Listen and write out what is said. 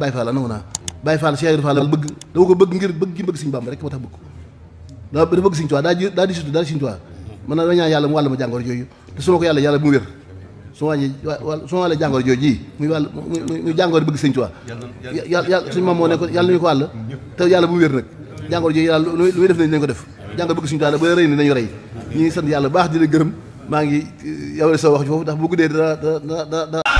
man Baye Fall nangu naa Baye Fall Cheikh Fall bëgg dama ko bëgg ngir bëgg gi bëgg Sëñ Bamba rek moo tax bëgg daa dafa bëgg Sëñ Tuubaa daa di surtout daa mu ma jàngoor jooju te su ma ko yàlla yàlla mu wér su ma wàññi su ma wàllee jàngoor jooju ji muy wàll muy jàngoor bëgg Sëñ Tuubaa yàlla suñu maam moo ne ko yàlla ñu ko wàll te yàlla mu wér nag jàngoor jooju yàlla lu muy def nañ nañ ko def jàngoor bëgg Sëñ Tuubaa ba rëy ni nañu rëy ñu ngi sant yàlla baax di la gërëm maa ngi eh, yow sa wax foofu ndax bu guddee dana